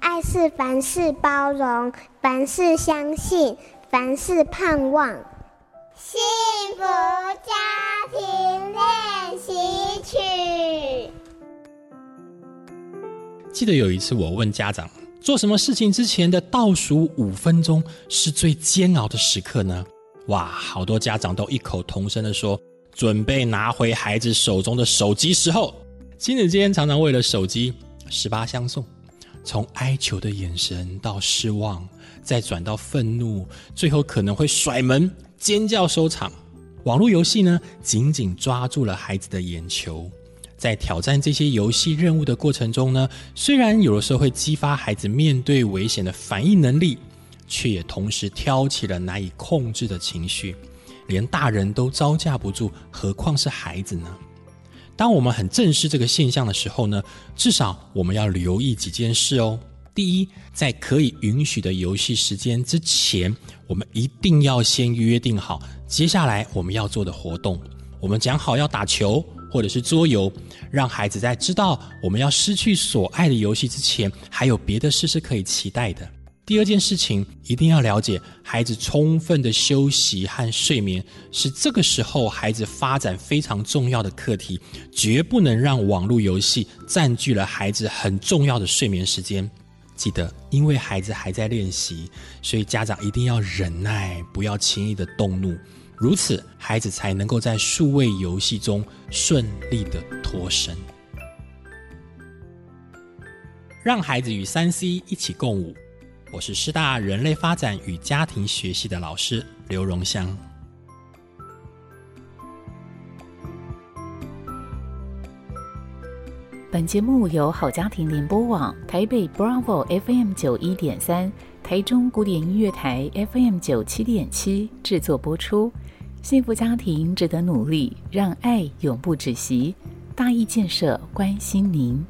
愛是凡事包容，凡事相信，凡事盼望。幸福家庭練習曲。記得有一次，我問家長，做什麼事情之前的倒數五分鐘是最煎熬的時刻呢？哇，好多家長都異口同聲的說，準備拿回孩子手中的手機時候，親子間常常為了手機十八相送。從哀求的眼神到失望，再轉到憤怒，最後可能會甩門、尖叫收場。網絡遊戲呢，緊緊抓住了孩子的眼球，在挑戰這些遊戲任務的過程中呢，雖然有的時候會激發孩子面對危險的反應能力，卻也同時挑起了難以控制的情緒，連大人都招架不住，何況是孩子呢？當我們很正視這個現象的時候呢，至少我們要留意幾件事哦。第一，在可以允許的遊戲時間之前，我們一定要先約定好接下來我們要做的活動。我們講好要打球或者是桌遊，讓孩子在知道我們要失去所愛的遊戲之前，還有別的事是可以期待的。第二件事情，一定要了解孩子充分的休息和睡眠是這個時候孩子發展非常重要的課題，絕不能讓網絡遊戲佔據了孩子很重要的睡眠時間。記得，因為孩子還在練習，所以家長一定要忍耐，不要輕易的動怒，如此孩子才能夠在數位遊戲中順利的脫身，讓孩子與 3C 一起共舞。我是師大人類發展與家庭學系的老師劉容襄，本節目由好家庭聯播網、台北 Bravo FM 九一點三、台中古典音樂台 FM 九七點七製作播出。幸福家庭值得努力，讓愛永不止息。大義建設關心您。